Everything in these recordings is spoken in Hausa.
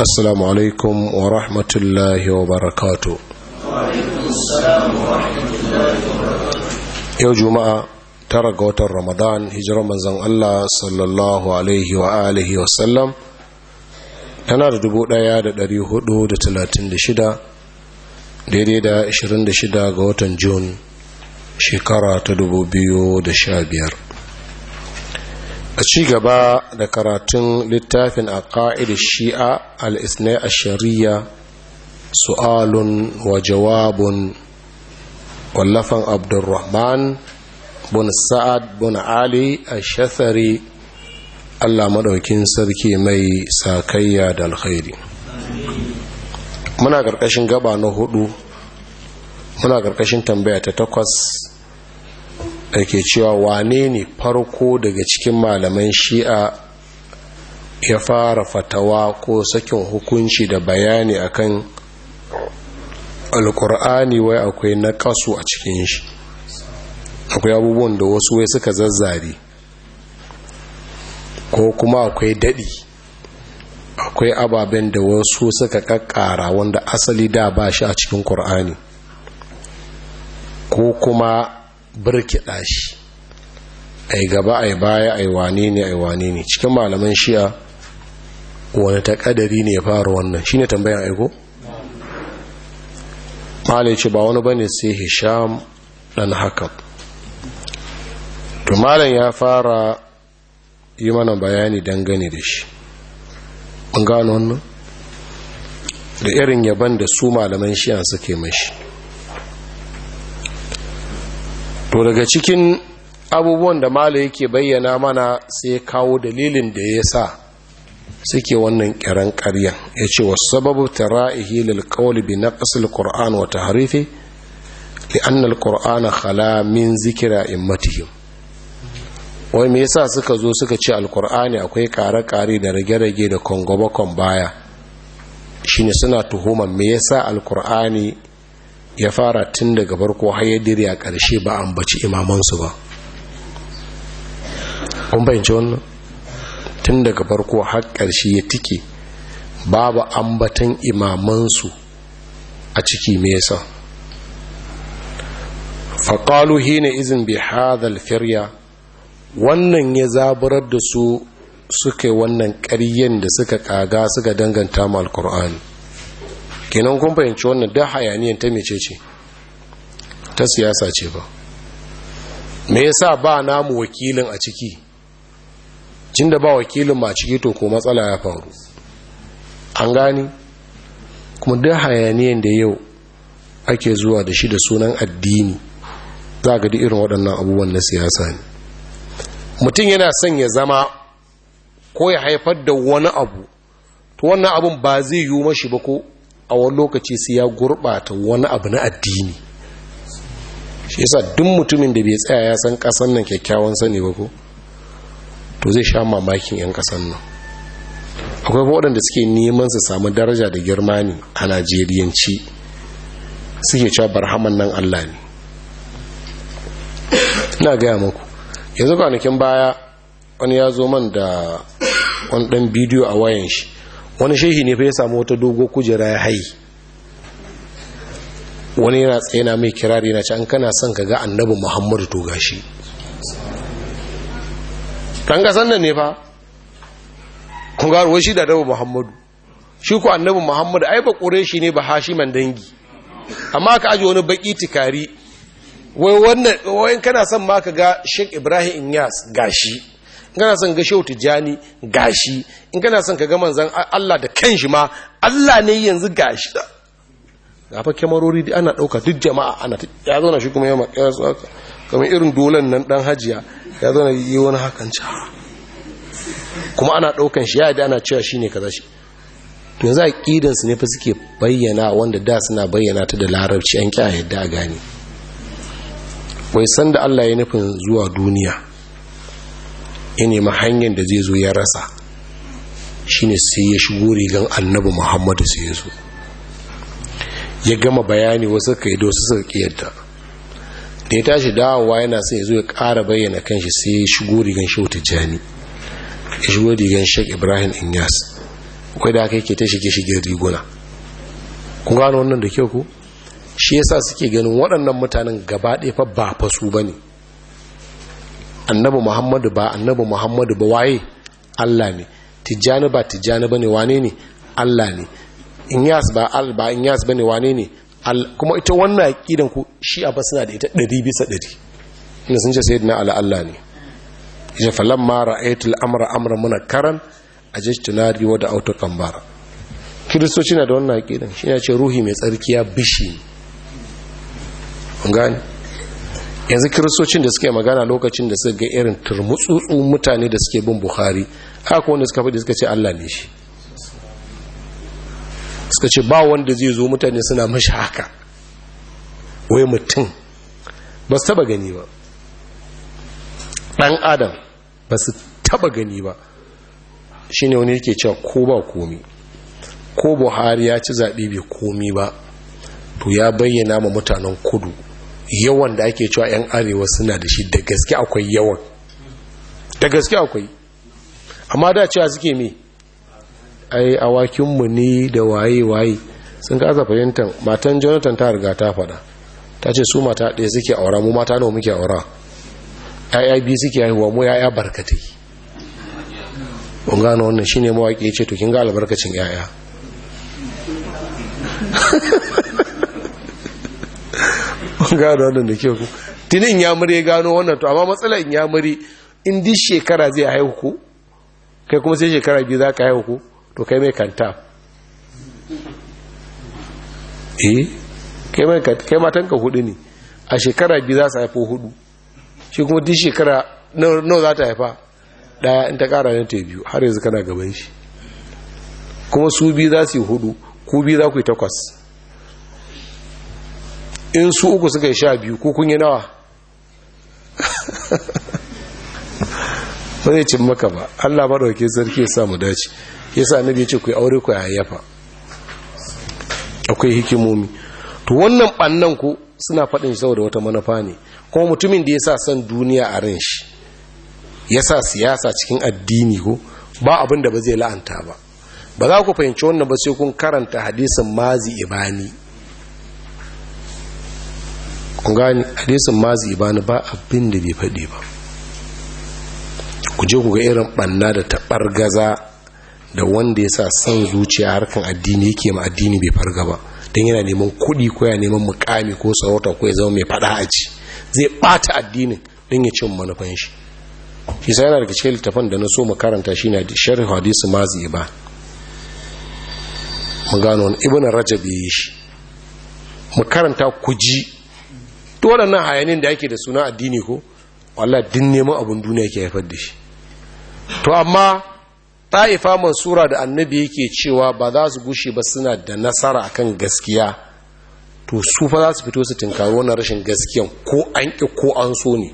assalamu alaikum wa rahmatullahi wa barakatu yau juma'a tara ga watan ramadan hijirar manzan allah sallallahu alaihi wa alihi wasallam tana da dubu da da da hudu talatin shida, daidai da ashirin da shida ga watan Jun shekara ta dubu biyu da sha biyar. a ci gaba da karatun littafin a shi'a al'isnai a shari'a su'alun wa jawabun wallafan abdurrahman bin sa'ad bin ali a shathari allah maɗaukin sarki mai sakayya da alkhairi muna ƙarƙashin gaba na hudu muna ƙarƙashin tambaya ta takwas da ke cewa wane ne farko daga cikin malaman shi'a ya fara fatawa ko sakin hukunci da bayani akan alkur'ani wai akwai na kasu a cikin shi akwai abubuwan da wasu wai suka zazzare ko kuma akwai daɗi akwai ababen da wasu suka kakkara wanda asali da ba shi a cikin ƙur'ani ko kuma birkiɗa shi Ai gaba a baya a wane ne a wane ne cikin malaman shi'a wani takadari ne ya fara wannan shi ne tambayan aiko? malai ce ba wani bane sai hisham dan hakan to malam ya fara yi mana bayani dangane da shi an gano wannan da irin yaban da su malaman shi'an suke mashi to daga cikin abubuwan da mala yake bayyana mana sai kawo dalilin da ya sa suke wannan kiran karyar ya ce wasu sababu tara'ihi lalkawali bi na ƙasar ƙor'an wata harife annal alƙor'an hala min zikira in matihim wai me yasa suka zo suka ce alƙor'ani akwai kare-kare da rage-rage da kongobakon baya shine suna tuhuman me yasa alƙor'ani ya fara tun daga farko har ya a ƙarshe ba an baci imamansu ba kun fahimci wannan tun daga farko har ƙarshe ya tike babu ambatan imamansu a ciki me yasa faƙalu hina izin bi hadal firya wannan ya zaburar da su suka wannan ƙaryen da suka ƙaga suka danganta ma alkur'ani kenan kun fahimci wannan da hayaniyan ta mece ce ta siyasa ce ba me yasa ba namu wakilin a ciki cin da ba wakilin ma ciki to ko matsala ya faru an gani kuma da hayaniyan da yau ake zuwa da shi da sunan addini za ga irin waɗannan abubuwan na siyasa ne mutum yana son ya zama ko ya haifar da wani abu to wannan abun ba zai yi mashi ba ko a wani lokaci sai ya gurbata wani abu na addini shi yasa duk mutumin da bai tsaya ya san kasan nan kyakkyawan sani ba ko to zai sha mamakin 'yan kasan nan akwai waɗanda suke neman su samu daraja da girma ne a najeriyanci suke cewa barhaman nan allah ne na gaya muku yanzu kwanakin baya wani ya zo man da wani ɗan bidiyo a wayan shi wani shehi ne fa ya samu wata dogo kujera ya hayi wani yana tsayina mai kirari yana ci an kana son ka ga annabi muhammadu to gashi kan kasan nan ne fa kun gano shi da annabi muhammadu shi ku annabi muhammadu ai ba ƙure shi ne ba man dangi amma ka aji wani baki tikari wai wannan wai kana son ma ka ga Sheikh Ibrahim Inyas gashi in kana son ga shehu tijjani gashi in kana son ka ga zan Allah da kanshi ma Allah ne yanzu gashi da fa kyamarori da ana ɗauka duk jama'a ana ya zo na shi kuma yamma ya zo haka kamar irin dolan nan dan hajiya ya zo na yi wani hakan ca kuma ana ɗaukan shi ya da ana cewa shi ne kaza shi to yanzu aqidan su ne fa suke bayyana wanda da suna bayyana ta da larabci an kiyaye da yadda a gane bai san da Allah ya nufin zuwa duniya ya nema hanyar da zai zo ya rasa shine sai ya shigo rigan annabi muhammadu sai ya zo ya gama bayani wasu ka ido su suka kiyarta da ya tashi dawowa yana sai ya zo ya kara bayyana kanshi sai ya shigo rigan shehu tijjani ya shigo rigan shek ibrahim inyas kai da aka yake ta shige shige riguna ku gano wannan da kyau ku shi yasa suke ganin waɗannan mutanen gaba ɗaya fa ba fa su bane annabi muhammadu ba annabi muhammadu ba waye allah ne tijjani ba tijjani ba ne wane ne allah ne inyas ba al ba inyas ba ne wane ne kuma ita wannan aƙidan ku shi a suna da ita ɗari bisa ɗari ina sun ce sayyidina ala allah ne ya falan ma ra'aytul amra amra muna karan ajishtunari wa da auto kambara kiristoci na da wannan aƙidan shi ne ce ruhi mai tsarki ya bishi ne yanzu kiristocin da suke magana lokacin da suka ga irin turmutsutsu mutane da suke bin buhari haka wanda suka faɗi suka ce allah ne shi suka ce ba wanda zai zo mutane suna mashi haka wai mutum ba su taba gani ba ɗan adam ba su taba gani ba shi ne wani yake cewa ko ba komi ko buhari ya ci zaɓi bai komi ba to ya bayyana ma mutanen kudu yawan da ake cewa 'yan arewa suna da shi da gaske akwai yawan da gaske akwai amma da cewa suke me ai awakinmu ne da waye-waye sun kasa fahimtar matan jonathan ta riga ta faɗa ta ce su mata ɗaya suke aura mu mata nawa muke aura ya'ya biyu suke haihuwa mu ya'ya barkatai gano wannan shi ne mawaki ce to kin ga albarkacin ya'ya gano wannan da ke ku tinin ya mure gano wannan to amma matsalar ya mure in di shekara zai haihu ku kai kuma sai shekara biyu za ka haihu ku to kai mai kanta eh kai mai kanta kai matan ka hudu ne a shekara biyu za su haifo hudu shi kuma di shekara nawa za ta haifa daya in ta kara ne ta biyu har yanzu kana gaban shi kuma su biyu za su yi hudu ku biyu za ku yi takwas in su uku suka yi sha biyu ko kun yi nawa ba zai cin maka ba allah ba dauke sarki ya samu dace ya sa nabi ya ce ku aure ku yayyafa akwai hikimomi to wannan bannan ku suna faɗin saboda wata manufa ne kuma mutumin da ya sa son duniya a ran shi ya sa siyasa cikin addini ko ba abin da ba zai la'anta ba ba za ku fahimci wannan ba sai kun karanta hadisin mazi ibani kun gani hadisin mazi ibani ba abin da bai faɗi ba ku je ku ga irin ɓanna da taɓar gaza da wanda yasa san son zuciya harkan addini yake ma addini bai farga ba dan yana neman kuɗi ko ya neman mukami ko sarauta ko ya zama mai faɗa a ci zai ɓata addinin don ya cin manufan shi shi sai yana daga cikin littafin da na so mu karanta shi na sharh hadisi mazi ba mu gano ibn rajab yi shi mu karanta ku ji waɗannan hayanin da yake da suna addini ko wallah din neman abin duniya ke haifar da shi to amma ta'ifa mansura da annabi yake cewa ba za su gushe ba suna da nasara akan gaskiya to su fa za su fito su tinkaru wannan rashin gaskiyan ko an ki ko an so ne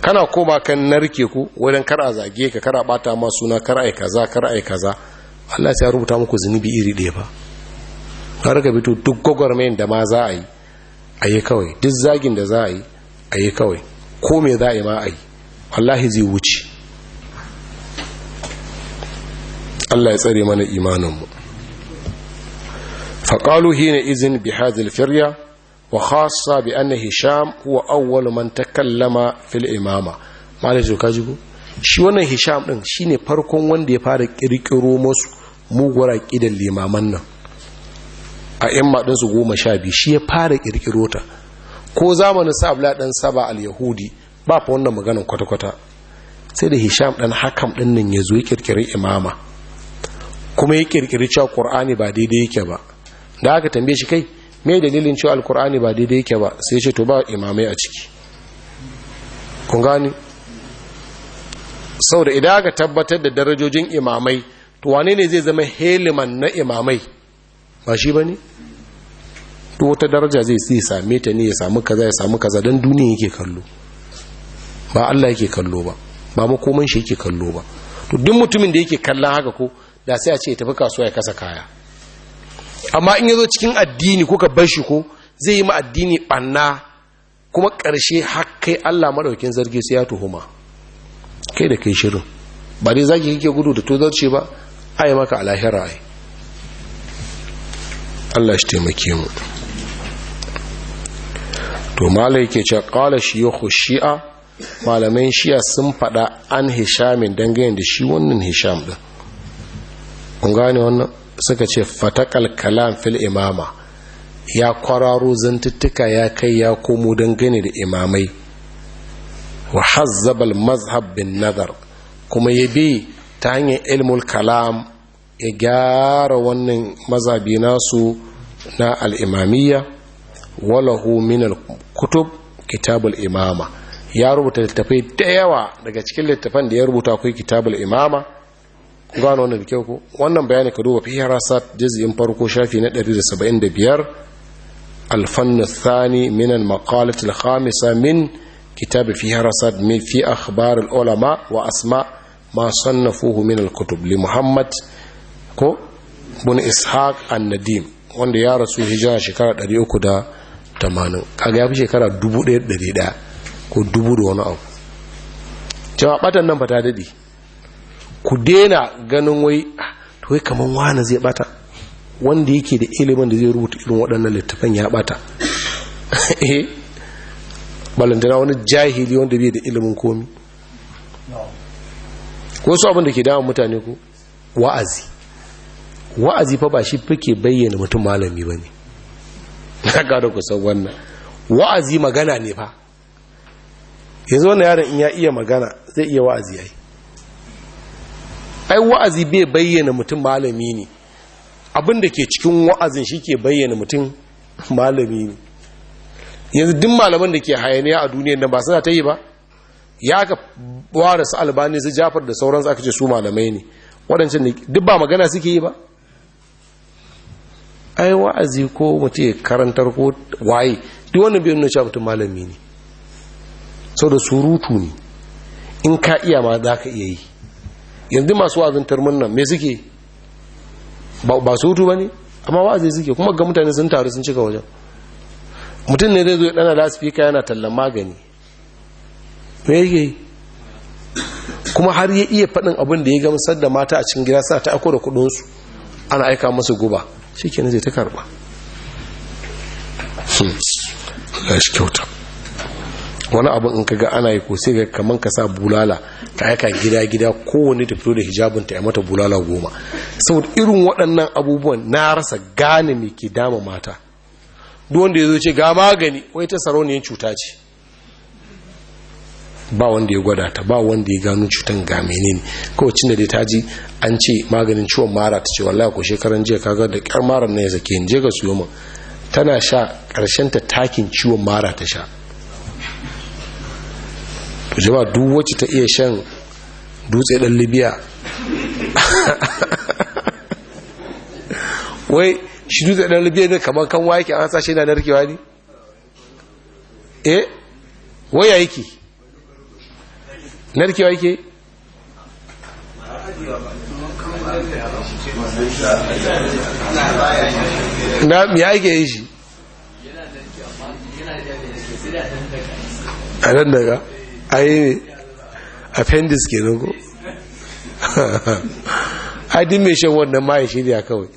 kana ko ba kan narke ku wajen kar a zage ka kar a bata ma suna kar yi kaza kar yi kaza Allah ya rubuta muku zunubi iri ɗaya ba ka riga fito duk gwagwarmayin da ma za a yi a kawai duk zagin da za a yi a kawai ko me za a yi ma a wallahi zai wuce Allah ya tsare mana imaninmu faƙalu hina izin bi hazil firya wa khassa bi anna hisham huwa awwal man takallama fil imama malai zo ka jigo shi wannan hisham din shine farkon wanda ya fara kirkiro musu mugwara kidan limaman nan a yan maɗinsu goma sha biyu shi ya fara ƙirƙiro ta ko zamanin sa ɗan saba al-yahudi ba fa wannan maganan kwata-kwata sai da hisham ɗan hakam ɗin nan ya zo ya ƙirƙiri imama kuma ya ƙirƙiri cewa ƙur'ani ba daidai yake ba da aka tambaye shi kai me dalilin cewa alkur'ani ba daidai yake ba sai ce to ba imamai a ciki kun gani sau da idan aka tabbatar da darajojin imamai to wane ne zai zama heliman na imamai ba shi ba ne duk wata daraja zai sai same ta ne ya samu kaza ya samu kaza don duniya yake kallo ba Allah yake kallo ba ba makoman shi yake kallo ba to duk mutumin da yake kallon haka ko da sai a ce ya tafi kasuwa ya kasa kaya amma in yazo cikin addini ko ka bar shi ko zai yi ma addini banna kuma ƙarshe kai Allah madaukin zargi sai ya tuhuma kai da kai shirin ba dai zaki kike gudu da zarce ba ai maka alahira ai Allah shi taimake mu to malai yake cewa shi yi shi'a malamin shi'a sun fada an hishamin dangane da shi wannan hisham din kun gane wannan suka ce fatakal kalam fil imama ya kwararo zantuttuka ya kai ya komo dangane da imamai wa hazzabal mazhab bin nazar kuma ya bi ta hanyar ilmul kalam ya gyara wannan mazabi nasu na al'imamiyya walahu min kutub kitabul imama ya rubuta littafai da yawa daga cikin littafan da ya rubuta akwai kitabul imama gano wannan da ku wannan bayani ka duba fiye rasat jizyin farko shafi na 175 alfannu thani minan makalatul khamisa min kitab fiye rasat min fi akhbar ulama wa asma ma sannafuhu min kutub li muhammad ko bin ishaq annadim wanda ya rasu hijira shekara 380 kaga ya fi shekara 1100 ko 2000 wani abu cewa batan nan fata daɗi ku dena ganin wai ah, to wai kaman wani zai bata wanda yake da ilimin da zai rubuta irin waɗannan littafan ya bata eh balantana wani jahili wanda bai da ilimin komi su abin da ke damun mutane ku wa'azi wa'azi fa ba shi fike bayyana mutum malami ba ne na gado kusan wannan wa'azi magana ne fa yanzu wannan yaron in ya iya magana zai iya wa'azi ya yi ai wa'azi bai bayyana mutum malami ne abinda ke cikin wa'azin shi ke bayyana mutum malami ne yanzu duk malaman da ke hayaniya a duniya nan ba suna ta yi ba ya ka ware su albani su jafar da sauransu aka ce su malamai ne waɗancan duk ba magana suke yi ba ai wa'azi ko mutum ya karantar ko waye duk wannan bai nuna cewa mutum malami ne sau da surutu ne in ka iya ma za ka iya yi yanzu masu wa'azin tarmin nan me suke ba surutu ba ne amma wa'azi suke kuma ga mutane sun taru sun cika wajen mutum ne zai zo ya dana kaya, yana tallan magani me yake yi kuma har ya iya faɗin abin da ya gamsar da mata a cikin gida sa ta ako da kuɗinsu ana aika masu guba shi kenan zai ta karba hmm. wani abu in kaga ana yi ko sai ga kaman ka sa bulala ta aika gida gida kowane ta fito da hijabin ta mata bulala goma saboda irin waɗannan abubuwan na rasa gane me ke dama mata duk wanda ya zo ce ga magani wai ta sarauniyar cuta ce ba wanda ya gwada ta ba wanda ya gano cutan ga menene kawai cin da dai ta ji an ce maganin ciwon mara ta ce wallahi ko shekaran jiya kaga da kyar maran na ya zake je ka siyo yoma tana sha karshen ta takin ciwon mara ta sha to jama'a duk wacce ta iya shan dutse dan libya wai shi dutse dan libya ne kamar kan wake an sashe na narkewa ne eh waya yake narkewa yake na ya yake yi shi a nan daga a yi ne appendix ke nuku haidin mai shan wannan ma ya a kawai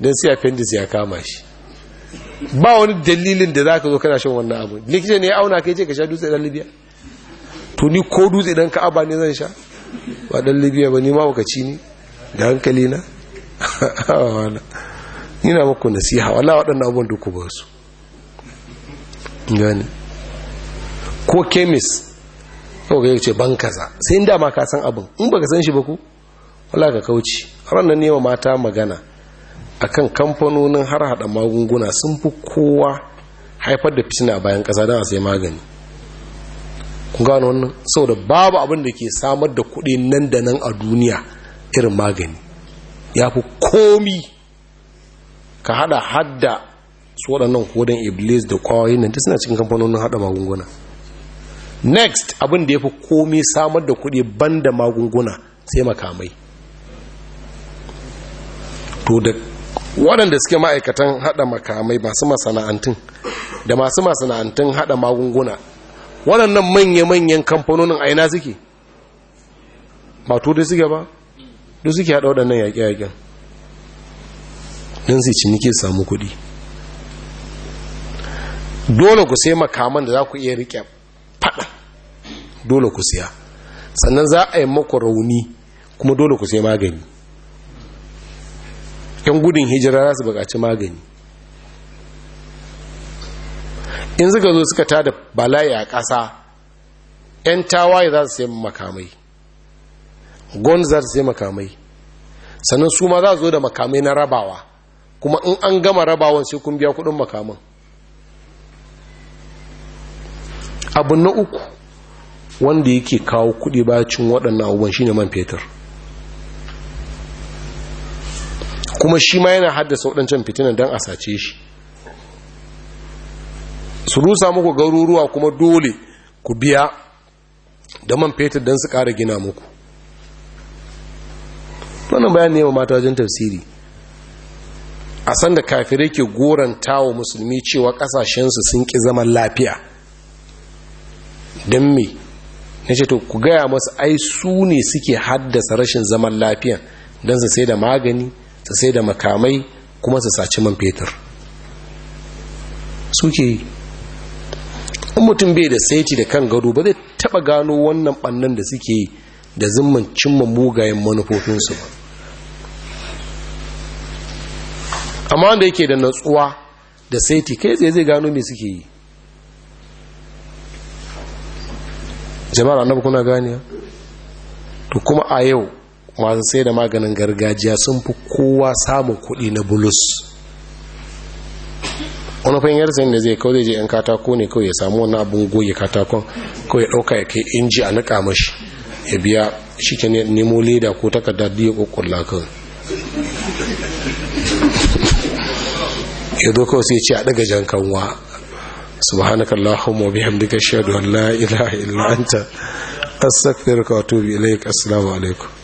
don sai appendix ya kama shi ba wani dalilin da za ka zo kana shan wannan abu likita ne ya auna kai ce ka sha dutse dan libya to ni ko dutse dan ka'aba ne zan sha ba dan libya ba ni ma wakaci ni da hankali na ina muku nasiha wallahi wadannan abun duk ba su gani ko kemis ko ga yace ban kaza sai inda ma ka san abin in baka san shi ba ku wallahi ka kauce ranan ne mata magana akan kamfanonin har hada magunguna sun fi kowa haifar da fitina bayan kasa don a sai magani Ku gano wannan saboda babu abin da ke samar da kuɗi nan da nan a duniya irin magani ya fi komi ka hada hadda su waɗannan kodin iblis da kwayoyin nan suna cikin kamfanonin hada magunguna next abin da ya fi komi samar da kuɗi da magunguna sai makamai to da waɗanda suke ma'aikatan hada makamai masu masana'antun da masu masana'antun hada magunguna waɗannan manya-manyan kamfanonin aina suke ba dai suke ba duk suke haɗa waɗannan yaƙe-yaƙen don sai ciniki samu kuɗi dole ku sai makaman da za ku iya riƙe faɗa dole ku siya sannan za a yi maku rauni kuma dole ku sai magani yan gudun hijira za su buƙaci magani in suka zo suka tada bala'i a ƙasa 'yan tawaye za su sai makamai gwamnati za su sai makamai sannan su ma za su zo da makamai na rabawa kuma in an gama rabawan sai kun biya kudin makaman abu na uku wanda yake kawo kudi bacin waɗannan abubuwan ne man fetur kuma shi ma yana haddasa waɗancan fitinan don a sace shi su rusa muku garuruwa kuma dole ku biya da man fetur don su ƙara gina muku wannan bayan ne wa mata wajen tafsiri a sanda da kafirai ke goranta wa musulmi cewa ƙasashensu sun ƙi zaman lafiya don me na ce to ku gaya masu ai su ne suke haddasa rashin zaman lafiyan don su sai da magani su sai da makamai kuma su saci man fetur suke yi in mutum bai da saiti da kan gado ba zai taba gano wannan bannan da suke yi da zimman cimma mugayen manufofinsu ba amma wanda yake da natsuwa da saiti kai tsaye zai gano me suke yi jama'ar annabu kuna gani to kuma a yau masu sai da maganin gargajiya sun fi kowa samun kuɗi na bulus wani fanyar zai ne zai kawai je yan katako ne kawai ya samu wani abin goge katakon kawai ya ɗauka ya kai inji a niƙa mashi ya biya shi ke nemo leda ko takarda da ya ƙwaƙwalla ya zo kawai sai ce a daga jan kanwa subhanakallahumma bihamdika ashhadu an la ilaha illa anta astaghfiruka wa atubu alaikum